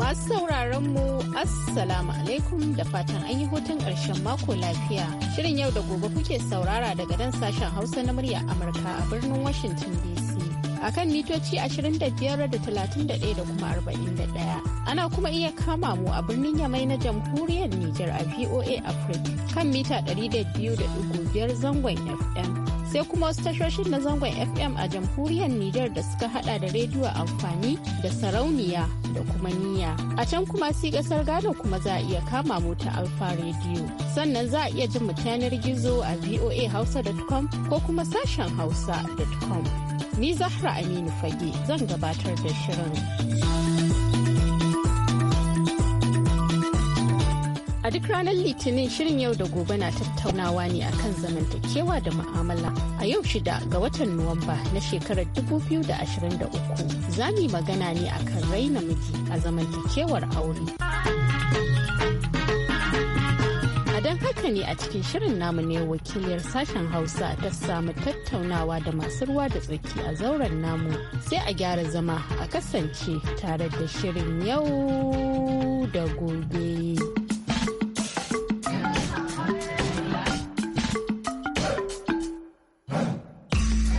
Masu sauraron mu Assalamu alaikum da fatan an yi hutun ƙarshen mako lafiya. Shirin yau da gobe kuke saurara daga dan sashen Hausa na murya Amurka a birnin Washington DC. akan mitoci 25 da 31 da kuma 41. Ana kuma iya kama mu a birnin Yamai na jamhuriyar Nijar a VOA Africa kan mita 200.5 zangon FM. Sai kuma wasu tashoshin na zangon FM a jamhuriyar Nijar da suka hada da rediyo amfani da sarauniya da kuma niyya. A can kuma si kasar Ghana kuma za a iya kama mu ta Alfa rediyo Sannan za a iya jin mu yanar gizo a voa hausa.com ko kuma sashen hausa.com. ni Zahra Aminu Fage zan gabatar da shirin. A duk ranar Litinin shirin yau da gobe na tattaunawa ne akan zamantakewa da mu'amala. A yau shida ga watan Nuwamba na shekarar 2023 za mu yi magana ne akan raina miji a zamantakewar aure. ne a cikin shirin namu ne wakiliyar sashen Hausa ta samu tattaunawa da masu ruwa da tsaki a zauren namu sai a gyara zama a kasance tare da shirin yau da gobe.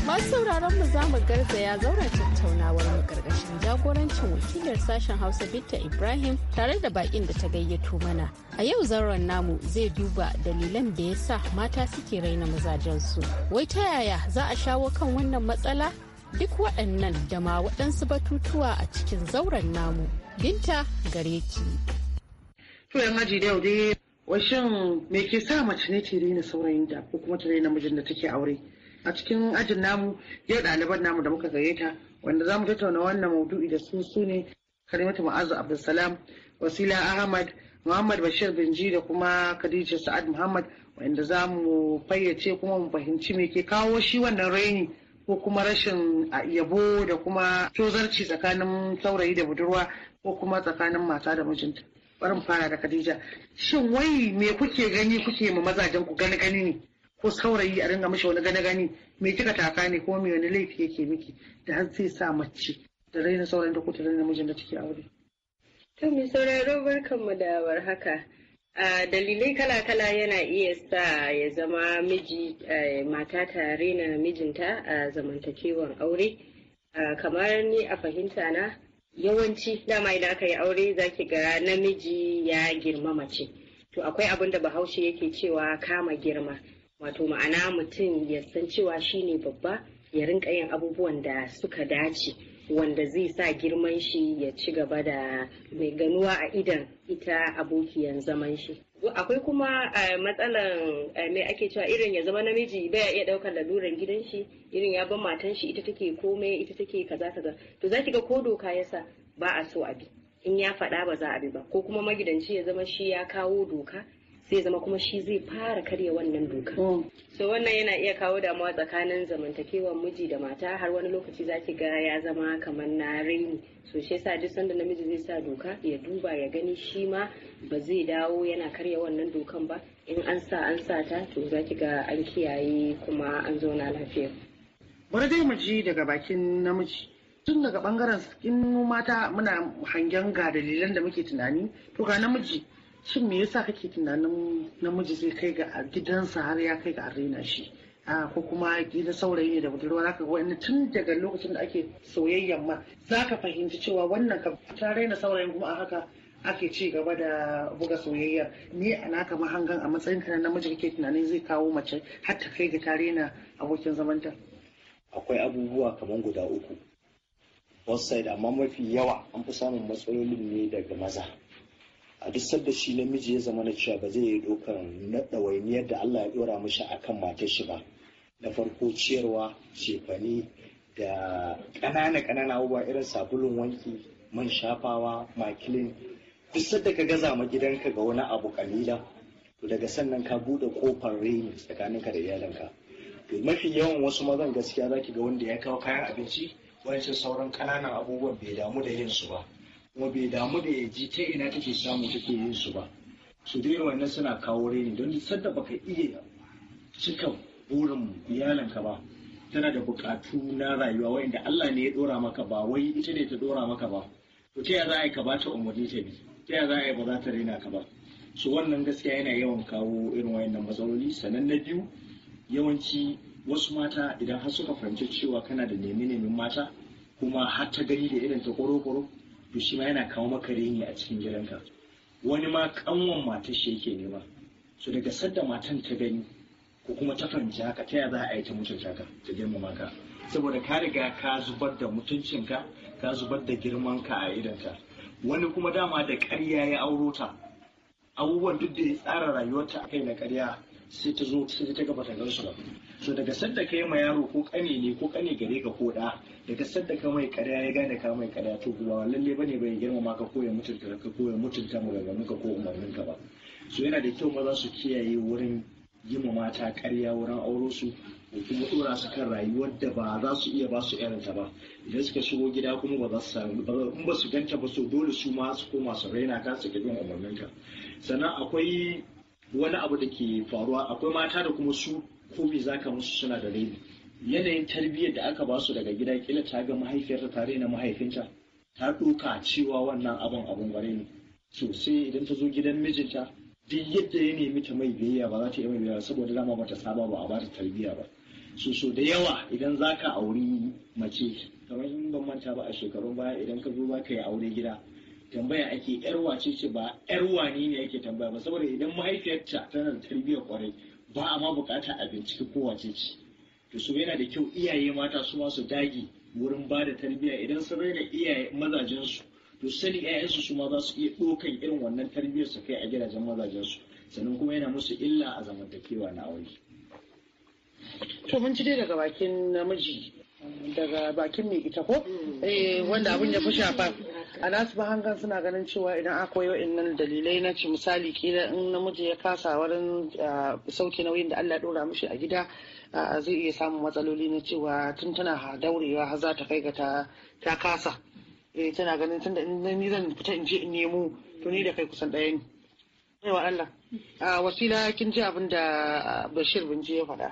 Masu sauraron mu za mu garzaya zauren tattaunawar mu jagorancin wakilar sashen hausa bitta ibrahim tare da bakin da ta gayyato mana a yau zauren namu zai duba dalilan da ya sa mata suke raina mazajensu wai ta yaya za a shawo kan wannan matsala duk waɗannan da ma waɗansu batutuwa a cikin zauren namu binta gare ki. haji da washin me ke sa mace ne ke raina saurayin da ko kuma ta raina mijin da take aure. A cikin ajin namu yau ɗaliban namu da muka gayyata wanda za mu tattauna wannan maudu'i da su su ne karimatu ma'azu abdulsalam wasila ahmad muhammad bashir binji da kuma khadija sa'ad muhammad wanda za mu fayyace kuma mu fahimci me ke kawo shi wannan raini ko kuma rashin yabo da kuma tozarci tsakanin saurayi da budurwa ko kuma tsakanin mata da mijinta bari fara da Khadija shin wai me kuke gani kuke ma mazajen ku gani gani ne ko saurayi a ringa mishi wani gani gani Mai kika taka ne ko me wani laifi yake miki da har zai sa mace da raina sauran da kuta raina mijin da take aure. To mai sauraro barkanmu da warhaka. dalilai kala-kala yana iya sa ya zama miji eh, mata ta raina mijinta a zamantakewan aure. kamar ni a fahimta na yawanci dama idan aka yi aure zaki ga namiji ya girma mace. To akwai abin da bahaushe yake cewa kama girma. wato ma'ana mutum ya san cewa shine babba ya rinka yin abubuwan da suka dace wanda zai sa girman shi ya ci gaba da mai ganuwa a idan ita abokiyan zaman shi akwai kuma eh, matsalan eh, mai ake cewa irin ya zama namiji baya iya daukar laluran gidan shi irin ya ban matan shi ita take komai ita take kaza kaza to za ki ga ko doka yasa ba a so a bi in ya faɗa ba za a bi ba ko kuma magidanci ya zama shi ya kawo doka zai zama kuma shi zai fara karya wannan doka. Mm. So wannan yana iya kawo damuwa tsakanin zamantakewar miji da mata har wani lokaci za ki ga ya zama kamar na raini. So shi yasa duk sanda namiji zai sa doka ya duba ya gani shi ma ba zai dawo yana karya wannan dokan ba in an sa an sa ta to ki ga an kiyaye kuma an zauna lafiya. Bari dai mu ji daga bakin namiji. tun daga bangaren in mata muna hangen ga dalilan da muke tunani to ga namiji shin me yasa kake tunanin namiji zai kai ga gidansa har ya kai ga arena shi ko kuma gida saurayi ne da budurwa zaka ga wani tun daga lokacin da ake soyayyan ma zaka fahimci cewa wannan ka ta raina saurayin kuma a haka ake ci gaba da buga soyayya? ni a naka mahangan a matsayin ka namiji kake tunanin zai kawo mace har ta kai ga ta raina abokin zamanta akwai abubuwa kamar guda uku wasu amma mafi yawa an fi samun matsalolin ne daga maza a duk sadda shi namiji ya zama na cewa ba zai yi dokar na ɗawainiyar da Allah ya ɗora mishi akan matar shi ba na farko ciyarwa cefani da ƙanana ƙanana abubuwa irin sabulun wanki man shafawa makilin duk sadda ka gaza ma gidanka ga wani abu kalila to daga sannan ka bude kofar reni tsakaninka da iyalanka to mafi yawan wasu mazan gaskiya zaki ga wanda ya kawo kayan abinci wancan sauran ƙananan abubuwan bai damu da yin su ba kuma bai damu da ya ji ta ina take samu take yin su ba su dai wannan suna kawo reni don sadda baka iya cika burin iyalanka ba tana da bukatu na rayuwa wa'inda Allah ne ya dora maka ba wai ita ne ta dora maka ba to ta za a yi ka ba ta umarni ta bi ta za a yi ba za ta rena ka ba su wannan gaskiya yana yawan kawo irin wayannan matsaloli sanan na biyu yawanci wasu mata idan har suka fahimci cewa kana da nemi nemin mata kuma har ta gani da irin ta koro-koro to shi ma yana kawo maka reni a cikin gidanka wani ma kanwan matar shi yake nema so daga sadda matan ta gani ko kuma ta fahimci haka ta za a yi ta mutunta ka ta girmama ka saboda ka riga ka zubar da mutuncinka ka zubar da girman ka a ka, wani kuma dama da ƙarya ya auro ta abubuwan duk da ya tsara rayuwarta a kai na ƙarya sai ta zo sai ta gaba ta gansu ba so daga sadda kai ma yaro ko kane ne ko kane gare ka ko da daga sadda ka mai kariya ya gane ka mai kariya to ba lalle bane bai girmama ka ko ya mutunta ka ko ya mutunta maganganun ka ko umarnin ka ba so yana da kyau maza su kiyaye wurin yi ma mata karya wurin auro su ko kuma dora su kan rayuwar da ba za su iya ba su irinta ba idan suka shigo gida kuma ba za su samu in ba su ganta ba so dole su ma su koma su raina ka su umarnin ka. sannan akwai wani abu da ke faruwa akwai mata da kuma su ko za zaka musu suna da raini yanayin tarbiyyar da aka basu daga gida kila ta ga mahaifiyarta ta na mahaifinta ta ɗauka cewa wannan abin abin gware ne to idan ta zo gidan mijinta duk yadda ya nemi ta mai biyayya ba za ta yi mai biyayya saboda dama bata saba ba a bata tarbiyya ba so da yawa idan zaka auri mace kamar in ban manta ba a shekarun baya idan ka zo ka yi aure gida tambaya ake yar wace ce ba yar wani ne ake tambaya ba saboda idan mahaifiyarta tana da tarbiyyar kwarai ba a ma bukata a bincike ko wace ce to so yana da kyau iyaye mata su ma su dage wurin ba da tarbiyya idan sun raina iyaye mazajensu to sani iyayensu su ma za su iya ɗaukan irin wannan tarbiyyar su kai a gidajen mazajensu sannan kuma yana musu illa a zamantakewa na aure. to mun ci dai daga bakin namiji daga bakin mai ita ko eh, wanda abun ya fi shafa a nasu hangar suna ganin cewa idan akwai wa'annan dalilai na ci misali kila in namiji ya kasa wurin sauke nauyin da Allah dora mishi a gida zai iya samun matsaloli na cewa tun tana daurewa har za ta kai ga ta kasa eh, tana ganin tun da ni zan fita in je in nemo to ni da kai kusan ɗaya ne. Yawa Allah. Wasila kin ji abin da Bashir binci ya faɗa.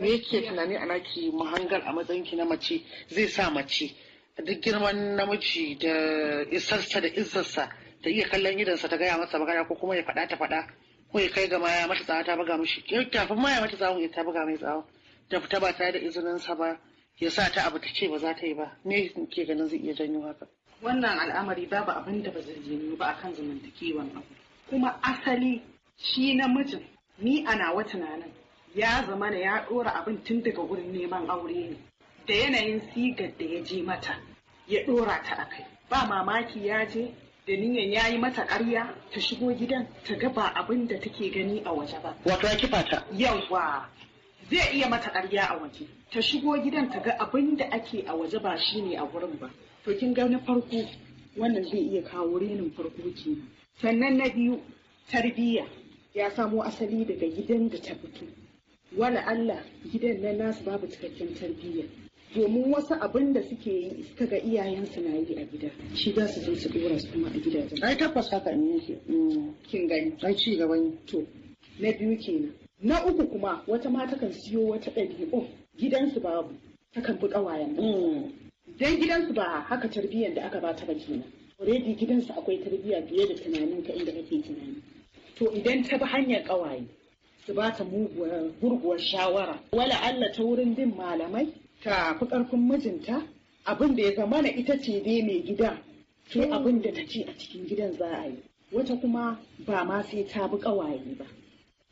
me yake tunani a naki mahangar a matsayin ki na mace zai sa mace duk girman namiji da isarsa da izzarsa da iya kallon idansa ta gaya masa magana ko kuma ya faɗa ta faɗa ko ya kai ga maya mata tsawa ta buga mishi kafin ya mata tsawa ya ta buga mai tsawa ta fita ba tare da izininsa ba ya sa ta abu ta ce ba za ta yi ba me ke ganin zai iya janyo haka wannan al'amari babu abin da ba zai janyo ba akan zamantakewan abu kuma asali shi namijin ni ana wa tunanin ya zama zamana ya ɗora abin tun daga wurin neman aure ne da yanayin sigar da ya je mata ya ɗora ta a kai ba mamaki ya je da niyan ya yi mata ƙarya ta shigo gidan ta ga ba abin da take gani a waje ba wato ya kifa ta yawa zai iya mata ƙarya a waje ta shigo gidan ta ga abin da ake a waje ba shine a wurin ba to kin ga farko wannan zai iya kawo renin farko ke sannan na biyu tarbiyya ya samo asali daga gidan da ta fito wala Allah gidan na nasu babu cikakken tarbiyya domin wasu abin da suke yi suka ga iyayensu na yi a gida shi za su zo su dora su kuma a gidajen ai tabbas haka ne yake mm. kin gani ai ci gaba ne to na biyu kenan na uku kuma wata ma takan siyo wata ɗabi'u gidansu babu takan bi ƙawayen mm. dan gidansu ba haka tarbiyyar da aka ba ta ba kenan already gidansu akwai tarbiyya fiye da tunanin ka inda kake tunani to idan ta bi hanyar ƙawaye su ta gurguwar shawara wala Allah ta wurin bin malamai ta fi ƙarfin mijinta abin da ya zama na ita ce dai mai gida to abin da ta ce a cikin gidan za a yi wata kuma ba ma sai ta bi ƙawaye ba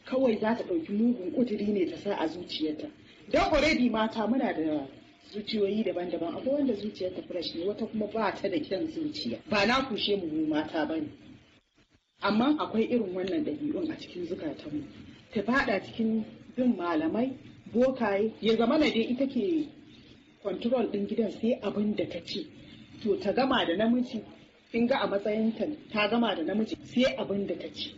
kawai za ta ɗauki mugun ƙuduri ne ta sa a zuciyarta don already mata muna da zuciyoyi daban-daban akwai wanda zuciyarta fresh ne wata kuma ba ta da kyan zuciya ba na kushe mu mata ba ne amma akwai irin wannan ɗabi'un a cikin zukatanmu ta fada cikin bin malamai bokaye ya zama na dai ita ke kontrol din gidan sai abin da ta ce to ta gama da namiji in ga a matsayinta ta gama da namiji sai abin da ta ce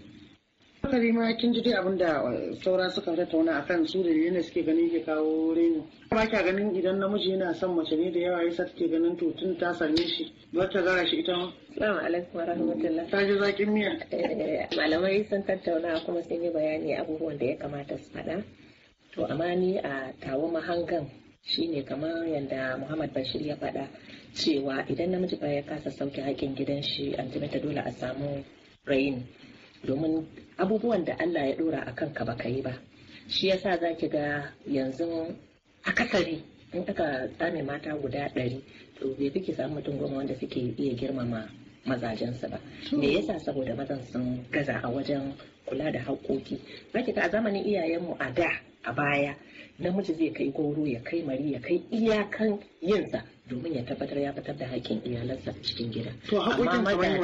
Sanari ma kin ji dai abin da eh, saura suka tattauna a kan su da yana suke ganin ke kawo reno. Ba kya ganin idan namiji yana son mace ne da yawa yasa take ganin to tun ta same shi ba ta gara shi ita ma. Salamu alaikum wa rahmatullah. Ta ji zaƙin miya. Eh, malamai sun tattauna kuma sun yi bayani abubuwan da ya kamata su faɗa. To amma ni a tawo mahangan shine kamar yadda Muhammad Bashir ya faɗa cewa idan namiji ba ya kasa sauke haƙƙin gidan shi an dole a samu rain. domin abubuwan da Allah ya dora a kanka baka yi ba shi yasa za ki ga yanzu akasari in aka tsame mata guda ɗari to bai fi ki samu mutum goma wanda suke iya girmama mazajensu ba me yasa saboda mazan sun gaza a wajen kula da haƙoƙi za ki ga a zamanin iyayenmu a da a baya namiji zai kai goro ya kai mari ya kai iyakan yinsa domin ya tabbatar ya fitar da haƙƙin iyalansa cikin gida. To haƙoƙin kamar wanda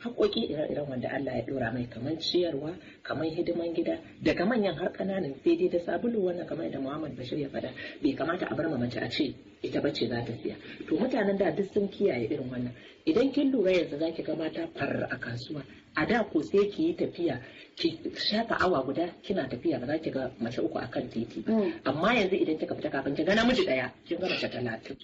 Haƙoƙi ire-iren wanda Allah ya ɗora mai kamar ciyarwa, kamar hidiman gida, daga manyan har ƙananan fede da sabulu wannan kamar yadda Muhammad Bashir ya faɗa bai kamata a bar ma mace a ce ita bace za ta siya. To mutanen da duk sun kiyaye irin wannan. Idan kin lura yanzu za ki ga mata farar a kasuwa a da ko sai ki yi tafiya ki shafa awa guda kina tafiya ba za ki ga mace uku akan titi mm. amma yanzu idan kika fita kafin ki ga namiji daya kin ga mace talatin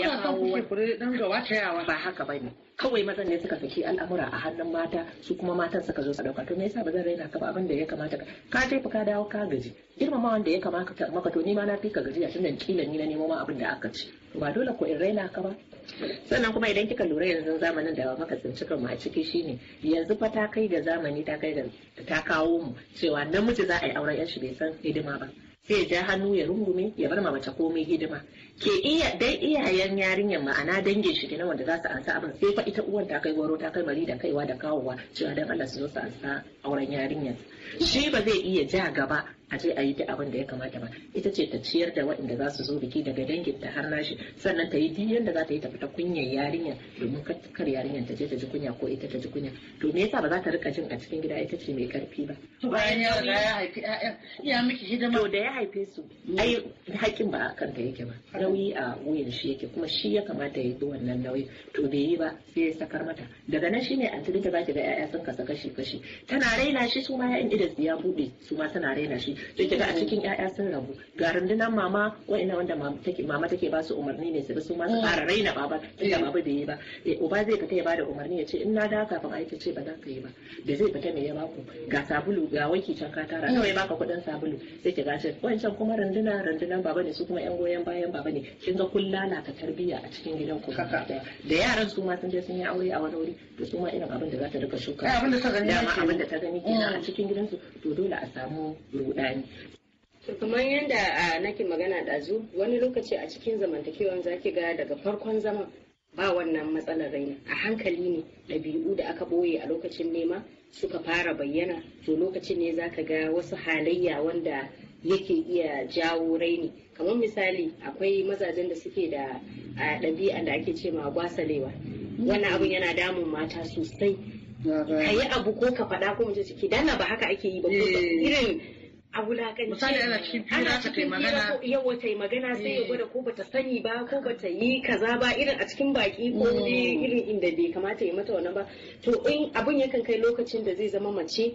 ya kawo dan gawa ta yawa ba haka bane kawai mazan ne suka saki al'amura a hannun mata su kuma matan suka zo su dauka to me yasa ba zan raina ka ba abin da ya kamata ka je ka dawo ka gaji girmamawan da ya kamata maka to ni ma na fi ka gajiya tun nan kila ni na nemo ma abin da aka ci ba dole ko in raina ka ba sannan kuma idan kika lura yanzu zamanin da maka tsinci kanmu a ciki shine yanzu fa ta kai da zamani ta kai da ta kawo mu cewa namiji za a yi auren yan shi bai san hidima ba sai ya ja hannu ya rungume ya bar ma mace komai hidima ke iya dai iyayen yarinyar ma'ana dangin shi kenan wanda za su ansa abin sai fa ita uwan ta kai gwaro ta kai mari da kaiwa da kawowa cewa dan Allah su zo su ansa auren yarinyar shi ba zai iya ja gaba a je a yi ta abin da ya kamata ba ita ce ta ciyar da waɗanda za su zo biki daga dangin ta har nashi sannan ta yi duk yadda za ta yi ta fita kunyar yarinya domin kar yarinyar ta je ta ji kunya ko ita ta ji kunya to me yasa ba za ta rika jin a cikin gida ita ce mai karfi ba to bayan ya ya haifi ƴaƴan ya miki hidima to da ya haife su ai hakkin ba a kanta yake ba nauyi a wuyan shi yake kuma shi ya kamata ya yi wannan nauyi to bai yi ba sai ya sakar mata daga nan shi ne a ta ba ki ga ƴaƴa sun kasa kashi kashi tana raina shi su ma ƴaƴan idan ya buɗe su ma tana raina shi sai kaga a cikin yaya sun rabu ga rundunar mama wa'ina wanda mama take ba su umarni ne su bi su ma su fara raina baba tunda baba bai yi ba eh, uba zai fita ya bada umarni ya ce in na da kafin aiki ce ba za ka yi ba da zai fita mai ya baku ga sabulu ga wanki can ka tara kawai baka kuɗin sabulu sai ki ce wancan kuma runduna rundunan baba ne su kuma yan goyon bayan baba ne kin ga kun lalata tarbiyya a cikin gidan ku da yaran su ma sun je sun yi aure a wani wuri to su ma irin abin da za ta rika shuka abin da ta gani abin da ta gani kenan a mm. cikin gidansu to dole a samu rudani amfani to kamar yadda nake magana ɗazu wani lokaci a cikin zamantakewan zaki ga daga farkon zaman ba wannan matsalar raina a hankali ne ɗabi'u da aka ɓoye a lokacin nema suka fara bayyana to lokacin ne zaka ga wasu halayya wanda yake iya jawo raini kamar misali akwai mazajen da suke da ɗabi'a da ake ce ma gwasalewa wannan abun yana damun mata sosai ka yi abu ko ka faɗa ko mace ciki dana ba haka ake yi ba eh. irin a wulakance misali ana cikin fira ta kai magana yawa yi magana sai ya eh. gwada ko bata sani ba ko bata yi kaza ba irin a cikin baki ko mm. dai irin inda bai kamata ya mata wannan ba to in abun yakan kai lokacin da zai zama mace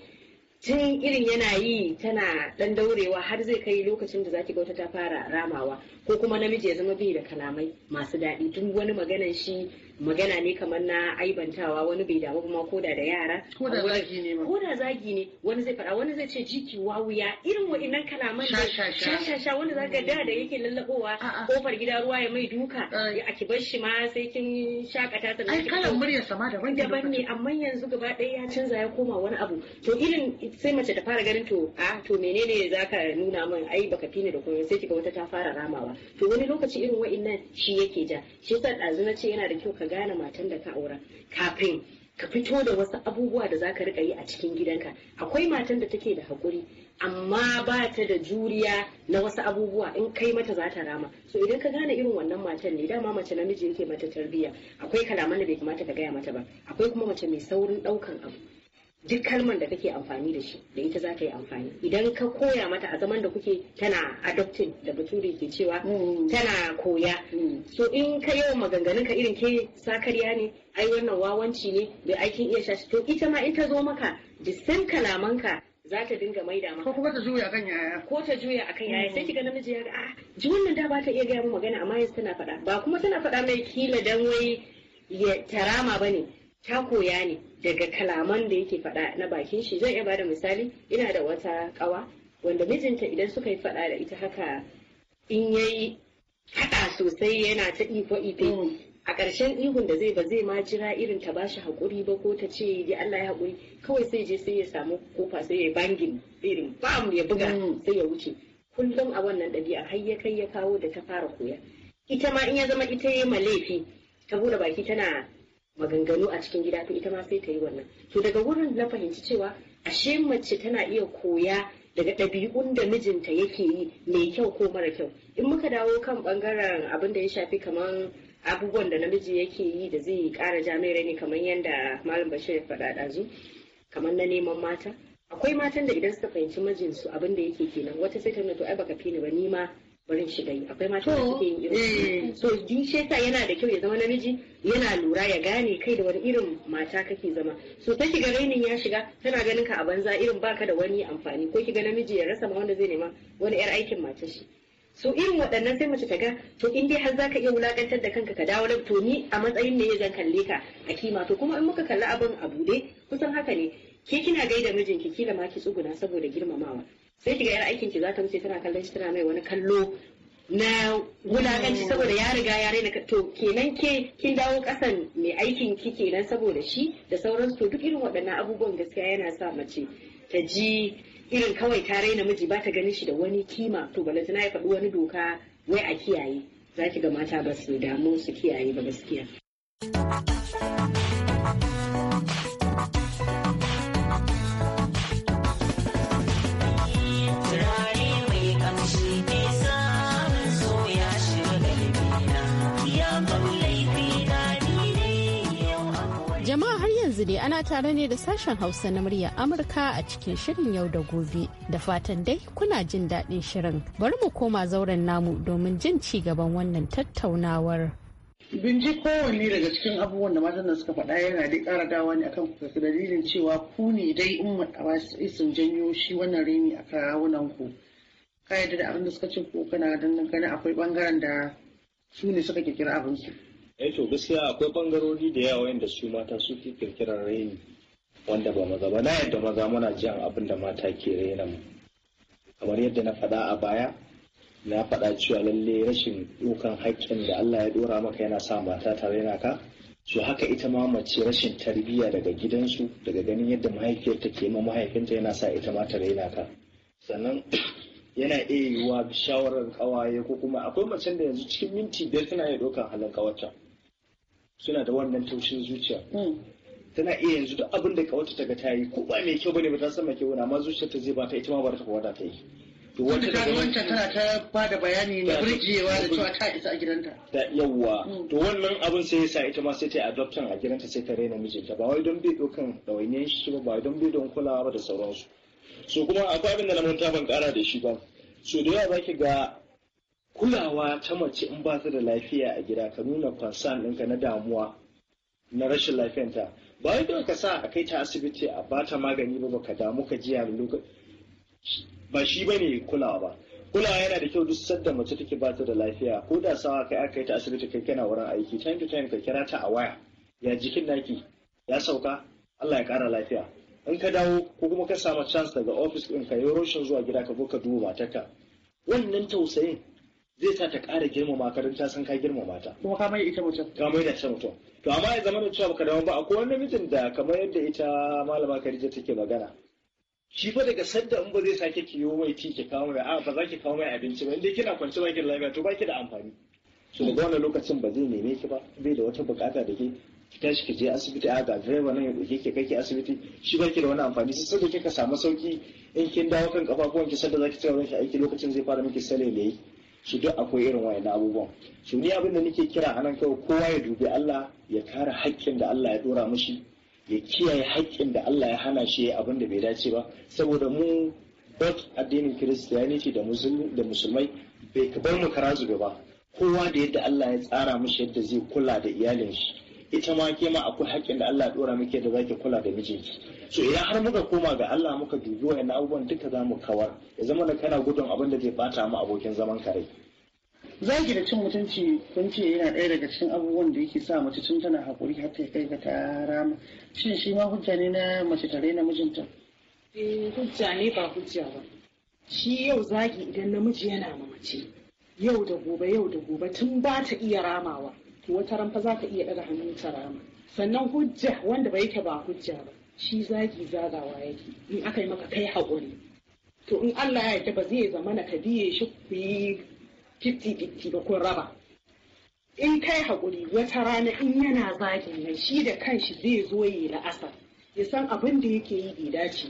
tun irin yana yi tana dan daurewa har zai kai lokacin da zaki ga wata ta fara ramawa ko kuma namiji ya zama bai da kalamai masu daɗi tun wani maganan shi magana ne kamar na aibantawa wani bai damu kuma koda da yara ko da ne zagi ne wani zai fada wani zai ce jiki wawuya irin wa'innan kalaman da sha sha sha wanda zaka da da yake lallabowa kofar gida ruwa ya mai duka a ki bar shi ma sai kin shakata ta ai kalan murya sama wani daban ne amma yanzu gaba ɗaya ya canza ya koma wani abu to irin sai mace ta fara ganin to a to menene zaka nuna min ai baka fi ni da komai sai kiga wata ta fara ramawa to wani lokaci irin wa'innan shi yake ja shi yasa ɗazu na ce yana da kyau ka ka gane matan da ka aura kafin ka fito da wasu abubuwa da za ka riƙa yi a cikin gidanka akwai matan da take da haƙuri amma ba ta da juriya na wasu abubuwa in kai mata za ta rama so idan ka gane irin wannan matan ne dama mace namiji yake mata tarbiyya akwai kalaman da bai kamata ka gaya mata ba akwai kuma mace mai saurin ɗaukan abu duk kalman da kake amfani da shi da ita za ta yi amfani idan ka koya mata a zaman da kuke tana adopting da bature ke cewa mm. tana koya mm. so in ka yi maganganun ka irin ke sakarya ne ai wannan wawanci ne da aikin iya shashi to ita ma in ta zo maka da san kalamanka za ta dinga maida maka ko kuma ta juya akan yaya ko ta juya akan yaya mm. sai kiga namiji ya ga a ah, ji wannan da ba ta iya gaya mu magana amma yanzu tana faɗa ba kuma tana faɗa mai kila dan wai ya tarama bane ta koya ne daga kalaman da yake faɗa na bakin shi zan iya bada misali ina da wata kawa wanda mijinta idan suka yi faɗa da ita haka in yayi haɗa sosai yana ta iko ife mm. a ƙarshen ihun da zai ba zai ma jira irin ta bashi haƙuri ba ko ta ce ya Allah ya haƙuri kawai sai je sai ya samu kofa sai ya yi bangin irin bam ya buga mm. sai ya wuce kullum a wannan ɗabi'a har ya kai ya kawo da ta fara koya ita ma in ya zama ita ya ma laifi ta bude baki tana maganganu a cikin gida to ita ma sai ta yi wannan to daga wurin na fahimci cewa ashe mace tana iya koya daga ɗabi'un da mijinta yake yi mai kyau ko mara kyau in muka dawo kan ɓangaren abin da ya shafi kamar abubuwan da namiji yake yi da zai kara jami'ai ne kamar yadda malam bashir ya faɗa ɗazu kamar na neman mata akwai matan da idan suka fahimci mijinsu abin da yake kenan wata sai ta to ai baka fi ni ba ni ma barin shiga yi akwai mata da suke yi so din shi yasa yana da kyau ya zama namiji yana lura ya gane kai da wani irin mata kake zama so ta shiga rainin ya shiga tana ganin ka a banza irin baka da wani amfani ko kiga namiji ya rasa ma wanda zai nema wani yar aikin matar shi so irin waɗannan sai mace ta ga to in dai har zaka iya wulakantar da kanka ka dawo nan to ni a matsayin ne zan kalle ka a kima to kuma in muka kalli abin a bude kusan haka ne ke kina gaida mijinki kila ma ki tsuguna saboda girmamawa sai shiga yar aikin ki za ta wuce tana kallon shi tana mai wani kallo na wulakanci mm. saboda ya riga ya raina to kenan ke kin dawo kasan mai aikin ki kenan saboda shi da sauransu to duk irin waɗannan abubuwan gaskiya yana sa mace ta ji irin kawai ta raina miji ba ta ganin shi da wani kima to balantana ya faɗi wani doka wai a kiyaye za ki ga mata ba su damu su kiyaye ba gaskiya. dai ana tare ne da sashen Hausa na murya Amurka a cikin shirin yau da gobe. Da fatan dai kuna jin daɗin shirin. Bari mu koma zauren namu domin jin ci gaban wannan tattaunawar. Binji kowanne daga cikin abubuwan da matan suka faɗa yana dai ƙara dawa ne akan kuka dalilin cewa ku ne dai in sun janyo shi wannan rini a kawunan ku. Ka yadda da abin da suka ce ko kana ganin akwai bangaren da su ne suka kira abin eh to gaskiya akwai bangarori da yawa da su mata suke kirkirar raini wanda ba maza ba na yadda maza muna jiyan abin da mata ke raina mu kamar yadda na faɗa a baya na faɗa cewa lalle rashin ɗaukan haƙƙin da Allah ya dora maka yana sa mata ta raina ka su haka ita ma mace rashin tarbiyya daga gidansu daga ganin yadda mahaifiyar take ma mahaifinta yana sa ita ma ta raina ka sannan yana iya yiwuwa shawarar kawaye ko kuma akwai macen da yanzu cikin minti biyar tana iya ɗaukar halin ƙawarta. suna da wannan taushin zuciya hmm. tana iya yanzu duk abin da kawata ta ga ta yi ko ba mai kyau bane ba ta san mai kyau na amma zuciyar ta zai ba ta ita ma ba ta kawata ta yi to wata tana ta ba da bayani na burgewa da cewa ta isa a gidanta da hmm. to wannan abin sai ya sa ita ma sai ta yi adoption a gidanta sai ta raina mijinta ba wai don bai dokan ɗawainiyar shi ba ba don bai don kulawa ba da sauransu so kuma akwai abin da lamun ta ban kara da shi ba so da yawa zaki ga kulawa ta mace in ba ta da lafiya a gida ka nuna kwasa ɗinka na damuwa na rashin lafiyanta ba wai ka sa a kai ta asibiti a ba ta magani ba ka damu ka jiya lokaci ba shi ba ne kulawa ba kulawa yana da kyau duk sadda mace take ba ta da lafiya ko da sawa kai aka yi ta asibiti kai kana wurin aiki time to time ka kira ta a waya ya jikin naki ya sauka Allah ya kara lafiya in ka dawo ko kuma ka samu chance daga ofis ɗin ka yi roshin zuwa gida ka zo ka duba matarka wannan tausayin zai sa ta ƙara girmama ka don ta san ka girmama ta kuma ka mai ita mutum ka mai da ta mutum to amma ya zama da cewa baka dawo ba akwai wani mijin da kamar yadda ita malama Khadija take magana shi fa daga sanda in ba zai sake kiyo mai kike ki kawo mai a ba za ki kawo mai abinci ba inda kina kwance ba ki da lafiya to ba ki da amfani so daga wannan lokacin ba zai neme ki ba bai da wata bukata da ke ki tashi ki je asibiti a ga direba nan ya doke ki kai asibiti shi ba ki da wani amfani sai sai kika samu sauki in kin dawo kan kafafuwan ki sanda zaki tsaya ki aiki lokacin zai fara miki sale ne su duk akwai irin wayannan abubuwan su ni abin da nake kira anan kawai kowa ya dubi Allah ya kare haƙƙin da Allah ya dora mishi ya kiyaye haƙƙin da Allah ya hana shi abin da bai dace ba saboda mu duk addinin christianity da da musulmai bai bar mu kara ba kowa da yadda Allah ya tsara mishi yadda zai kula da iyalin shi ita ma ke ma akwai haƙƙin da Allah dora muke da zaki kula da mijinki so idan har muka koma ga Allah muka dubi wa'annan abubuwan duka za mu kawar ya zama da kana gudun abin da zai bata mu abokin zaman kare. zaki da cin mutunci kun ce yana ɗaya daga cikin abubuwan da yake sa mace tun tana haƙuri har ta kai ga ta rama shin shi ma hujja ne na mace tare na mijinta eh, hujja ne ba hujja ba shi yau zagi idan namiji yana ma mace yau da gobe yau da gobe tun ba ta iya ramawa wata ran za ka iya ɗaga hannun ta rama sannan hujja wanda bai yake ba hujja ba shi zagi zagawa yake in aka yi maka kai haƙuri to in Allah ya yarda ba zai zama na ka biye shi ku yi fifty ba kun raba in kai haƙuri wata rana in yana zagi mai, shi da kanshi zai zo yi la'asar ya san abin da yake yi bai dace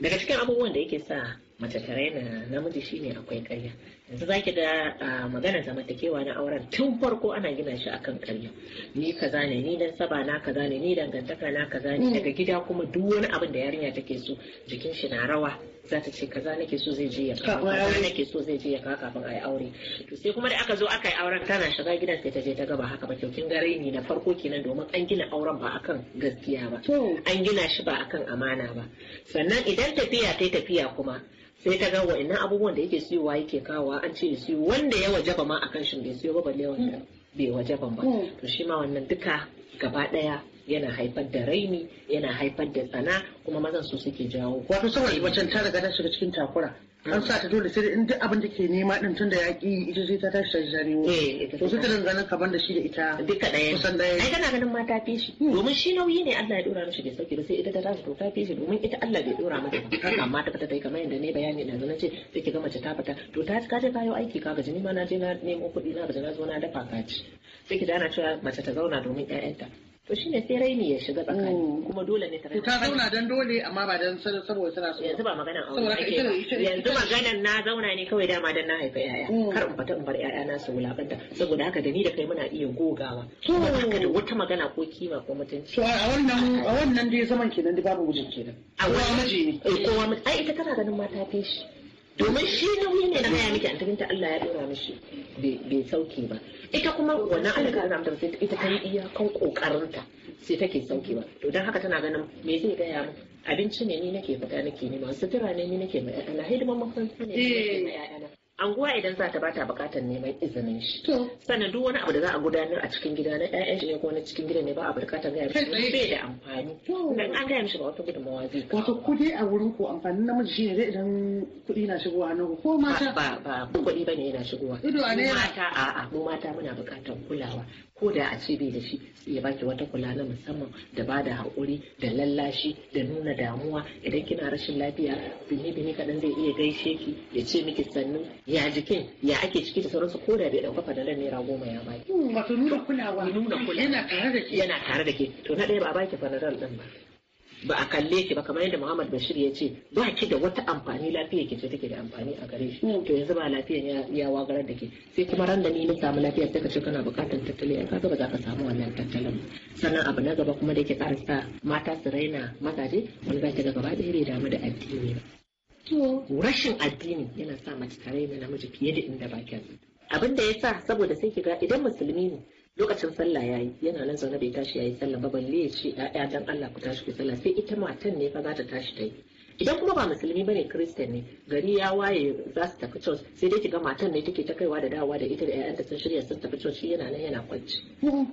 daga cikin abubuwan da yake sa mace ta raina namiji shine akwai karya yanzu zaki da maganar zamantakewa na auren tun farko ana gina shi akan karya ni kaza ne ni dan saba na kaza ne ni dangantaka na kaza ne mm. daga gida kuma duk wani abin da yarinya take so jikin shi na rawa za ta ce kaza nake so zai je ya kawo kaza nake so zai je ya kawo kafin ayi aure to sai kuma da aka zo aka yi auren tana shiga gidan sai ta je ta gaba haka ba to kin ga raini na farko kenan domin an gina auren ba akan gaskiya ba an gina shi ba akan amana ba sannan idan tafiya ta tafiya kuma sai ta ga wa'annan abubuwan da yake siyowa yake kawowa an ce siyo wanda ya wajaba ma akan shi bai siyo ba balle wanda hmm. bai waje ba hmm. to shi ma wannan duka gaba daya yana haifar da raini yana haifar da tsana kuma mazan su suke jawo wato saboda macen ta riga ta shiga cikin takura an sa ta dole sai da in duk abin da ke nema din tun da yaƙi ita sai ta tashi ta ne eh, to sai ta dangana kaman da shi da ita duka ɗaya kusan ɗaya ai kana ganin mata fi shi hmm. domin shi nauyi ne Allah ya dora mishi bai sauke da sai ita ta tashi to ta fi shi domin ita Allah bai dora mata haka amma ta yi tai kamar yadda ne bayani na zan ce sai ki gama mace ta fita to ta ka je kayo aiki ka gaji ni ma na je na nemo kuɗi na gaji na zo na dafa ci sai ki dana cewa mace ta zauna domin ƴaƴanta to ne sai raini ya shiga tsakani mm. kuma dole ne ta ta zauna don dole amma ba dan saboda tana so yanzu ba a aure ake yanzu maganan na zauna ne kawai dama don na haifa yaya mm. kar in fata in bar yaya na su wulakanta saboda haka da ni da kai muna iya gogawa da wata magana ko kima ko mutunci to a wannan a wannan dai zaman kenan da babu wujin kenan a wani ne eh, ai ita tana ganin mata fi shi domin shi nauyi ne na gaya miki antibinta Allah ya dora mishi bai sauke ba ita kuma wannan alaƙar na mutum sai ita ta yi iyakan kokarinta sai take sauke ba to don haka tana ganin me zai gaya mu abinci ne ni nake fata nake ma, sutura ne ni nake ma ƴaƴana hidima makaranta ne ni nake anguwa idan za ta bata bukatar neman izinin shi sannan duk wani abu da za a gudanar a cikin gida na ƴaƴan shi ne ko na cikin gida ne ba a bukatar gaya mishi bai da amfani dan an gaya mishi ba wata gudunmawa zai kawo wato kudi a wurin ku amfanin namiji shine dai idan kudi na shigowa na ko mata ba ba kuɗi bane yana shigowa ido a ne mata mu mata muna bukatar kulawa ko da a ce bai da shi ya baki wata kula na musamman da ba da haƙuri da lallashi da nuna damuwa idan kina rashin lafiya bini bini kaɗan zai iya gaishe ki ya ce miki sannu ya jikin ya ake ciki da sauransu ko da bai ɗauka fadalar naira goma ya baki. wato nuna kulawa nuna kulawa yana tare da ke to na ɗaya ba baki fadalar ɗin ba ba a kalle ki ba kamar yadda Muhammad Bashir ya ce ba ki da wata amfani lafiya ki ce take da amfani a gare shi mm. to yanzu ba lafiyan ya wagarar da ke sai kuma ran da ni na samu lafiyar ta ce kana bukatar tattali ka ga ba za ka samu wannan tattalin sannan abu na gaba kuma da yake sa mata su raina mazaje wani za ki ga gaba ɗaya bai damu da addini ba to rashin addini yana sa mace ta raina namiji fiye da inda ba kyan abin da ya sa saboda sai ki ga idan musulmi ne lokacin sallah ya yi yana nan zaune bai tashi ya yi sallah ba balle ya ce ya dan Allah ku tashi ku sallah sai ita matan ne fa za ta tashi ta yi idan kuma ba musulmi bane kristan ne gari ya waye za su tafi church sai dai kiga matan ne take ta kaiwa da dawowa da ita da ƴaƴanta sun shirya sun tafi church yana nan yana kwanci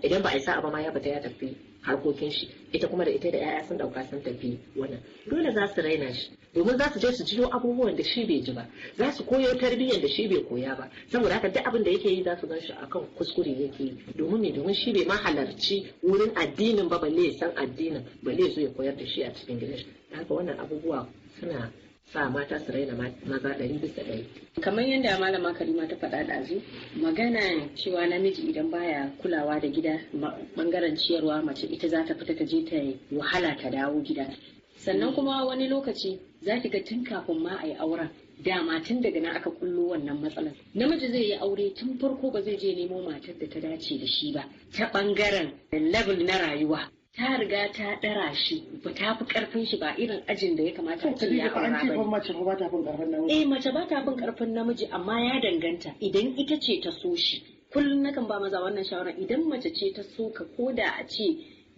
idan ba a yi sa'a ba ma ya fita ya tafi harkokin shi ita kuma da ita da 'ya'ya sun dauka sun tafi wannan dole za su raina shi domin za su je su jiyo abubuwan da shi bai ji ba za su koyo tarbiyyar da shi bai koya ba saboda haka duk abin da yake yi za su gan akan kuskure yake yi domin me domin shi bai mahalarci wurin addinin ba balle ya san addinin balle ya zo ya koyar da shi a cikin gidan haka wannan abubuwa suna sa mata su raina maza ɗari bisa ɗari. Kamar yadda malama Karima ta faɗa ɗazu, magana cewa namiji idan baya kulawa da gida bangaren ciyarwa mace ita za ta fita ta je ta wahala ta dawo gida. Sannan kuma wani lokaci za ki ga tun kafin ma a yi auren dama tun daga na aka kullo wannan matsalar. Namiji zai yi aure tun farko ba zai je nemo matar da ta dace da shi ba ta ɓangaren level na rayuwa. ta riga ta dara shi ba ta fi karfin shi ba irin ajin da ya kamata ce ya aura ba mace ba ta fin karfin namiji eh mace ba ta fin karfin namiji amma ya danganta idan ita ce ta so shi kullum nakan ba maza wannan shawara idan mace ce ta so ka da a ce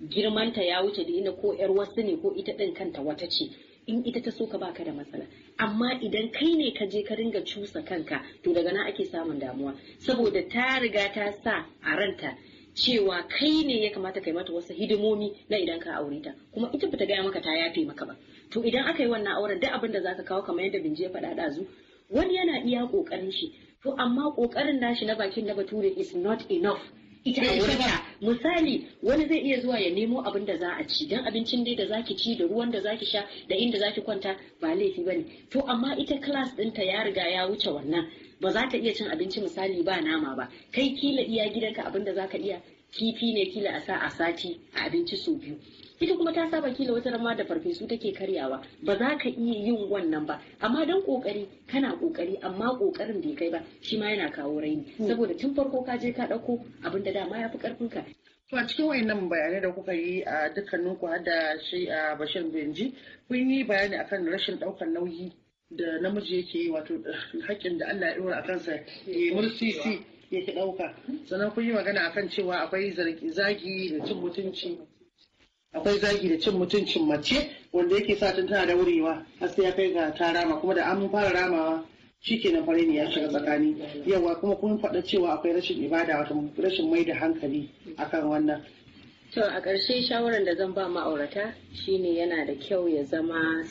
girmanta ya wuce da ina ko yar wasu ne ko ita din kanta wata ce in ita ta so ka baka da matsala amma idan kai ne ka je ka ringa cusa kanka to daga nan ake samun damuwa saboda ta riga ta sa a ranta cewa kai ne ya kamata kai mata wasu hidimomi na idan ka aure ta kuma ita bata gaya maka ta yafe maka ba to idan aka yi wannan auren duk abin da zaka kawo kamar yadda binji ya faɗa ɗazu wani yana iya ƙoƙarin shi to amma ƙoƙarin nashi na bakin na bature is not enough ita ta misali wani zai iya zuwa ya nemo abin da za a ci dan abincin dai da zaki ci da ruwan da zaki sha da inda zaki kwanta ba laifi ba ne to amma ita class ɗinta ya riga ya wuce wannan ba za ta iya cin abinci misali ba nama ba kai kila iya gidanka abinda za ka iya kifi ne kila a sa a sati a abinci sau biyu ita kuma ta saba kila wata rama da farfesu take karyawa ba za ka iya yin wannan ba amma dan kokari kana kokari amma kokarin bai kai ba shi ma yana kawo raini hmm. saboda tun farko ka je ka dauko abin da dama ya fi karfin ka to a cikin wayannan bayanai da kuka yi a dukkanin ku har shi a Bashir Benji kun yi bayani akan rashin daukar nauyi da namiji yake yi wato haƙƙin da Allah ya ɗora a kansa ya yi mursisi ki ɗauka sannan kun yi magana akan cewa akwai zagi da cin mutunci mutuncin mace wanda yake sa tun tana daurewa har sai ya kai ga ta rama kuma da an fara ramawa na fare ne ya shiga tsakani yawa kuma kun faɗa cewa akwai rashin ibada wato rashin mai da hankali akan wannan To a ƙarshe shawarar da zan ba ma'aurata shine yana da kyau ya zama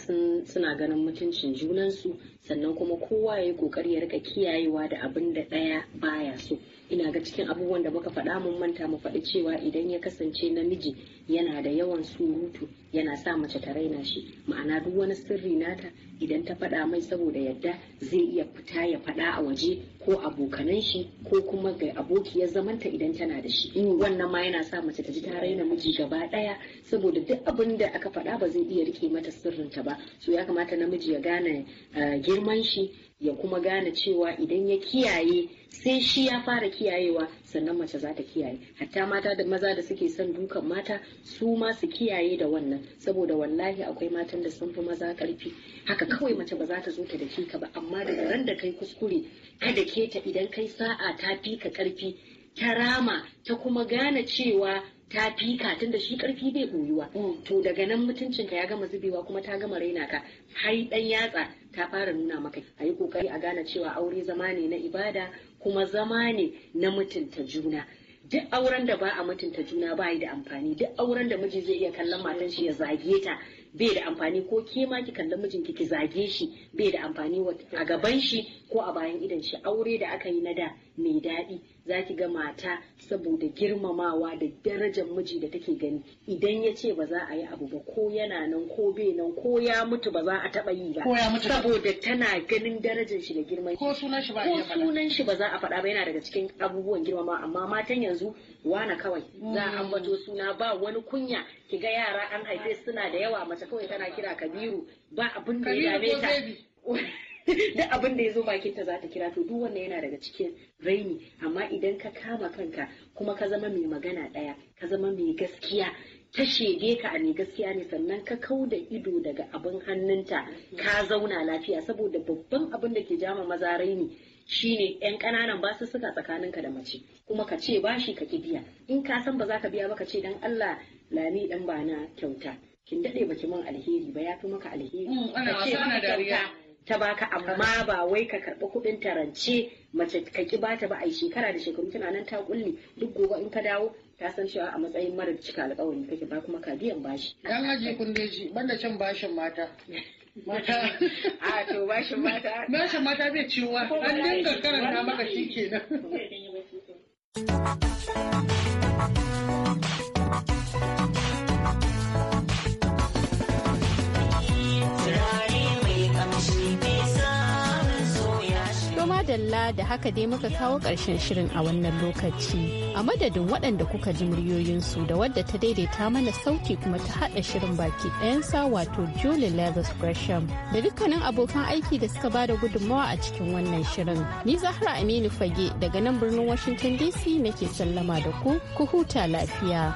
suna ganin mutuncin junansu sannan kuma kowa ya yi ƙoƙari ya rika kiyayewa da abin da ɗaya baya so. ina ga cikin abubuwan da muka faɗa mun manta mu faɗi cewa idan ya kasance namiji yana da yawan surutu yana sa mace ta raina shi ma'ana duk wani sirri nata idan ta faɗa mai saboda yadda zai iya fita ya faɗa a waje ko abokanan shi ko kuma ga abokiyar zamanta idan tana da shi mm. wannan ma yana sa mace ta ji ta raina miji gaba ɗaya saboda duk abin da aka faɗa ba zai iya rike mata sirrinta ba so ya kamata namiji ya gane eh, girman shi ya kuma gane cewa idan ya kiyaye sai shi ya fara kiyayewa sannan mace za ta kiyaye hatta mata da maza da suke son dukan mata su ma su kiyaye da wannan saboda wallahi akwai matan da sun fi maza karfi haka kawai mace ba za ta zo ta dake ka ba amma daga ran da kai kuskure ka dake ta idan kai sa'a ta fi ka karfi ta rama ta kuma gane cewa ta fika tun da shi karfi bai koyuwa mm. to daga nan mutuncinka ya gama zubewa kuma ta gama raina ka har dan yatsa ta fara nuna maka a yi kokari a gane cewa aure zama ne na ibada kuma zama ne na mutunta juna duk auren da ba a mutunta juna ba yi da amfani duk auren da miji zai iya kallon matan shi ya zage ta bai da amfani ko ke ma ki kalli mijinki ki zage shi bai da amfani a gaban shi ko a bayan idan shi aure da aka yi na da mai daɗi za ki ga mata saboda girmamawa da darajar miji da take gani idan ya ce ba za a yi abu ba ko yana nan ko bai nan ko ya mutu ba za a taɓa yi ba saboda tana ganin darajar shi da girman ko sunan shi ba za a faɗa ba yana daga cikin abubuwan girmamawa amma matan yanzu wana kawai za a mm. ambato suna ba wani kunya ki ga yara an haife suna da yawa mace kawai tana kira kabiru ba abin da ya dame ta duk abin da ya zo bakin ta za ta kira to duk wannan yana daga cikin raini amma idan ka kama kanka kuma ka zama mai magana daya ka zama mai gaskiya ta shege ka a mai gaskiya ne sannan ka kau da ido daga abin hannunta ka zauna lafiya saboda babban abin da ke jama maza raini shine yan ƙananan tsakanin ka da mace kuma ka ce bashi ka ki biya in ka san ba za ka biya ba ka ce dan Allah lami dan ba na kyauta kin dade baki mun alheri ba ya fi maka alheri mm, ka ce maka kyauta ta baka amma ba wai ka karɓi kuɗin tarance mace ka ki bata ba a shekara da shekaru tana nan ta kulle duk gobe in ka dawo ta san cewa a matsayin mara cika alƙawari kake ba kuma ka biyan bashi. Dan haji kun ban da cin bashin mata. mata a to mata mata zai ciwo an dinga karanta maka shi kenan madalla da haka dai muka kawo ƙarshen shirin a wannan lokaci. A madadin waɗanda kuka ji muryoyinsu da wadda ta daidaita mana sauki kuma ta haɗa shirin baki ɗayansa wato Julie Leathers Gresham da dukkanin abokan aiki da suka bada gudunmawa a cikin wannan shirin. Ni Zahra Aminu Fage daga nan birnin Washington DC nake sallama da ku, ku huta lafiya.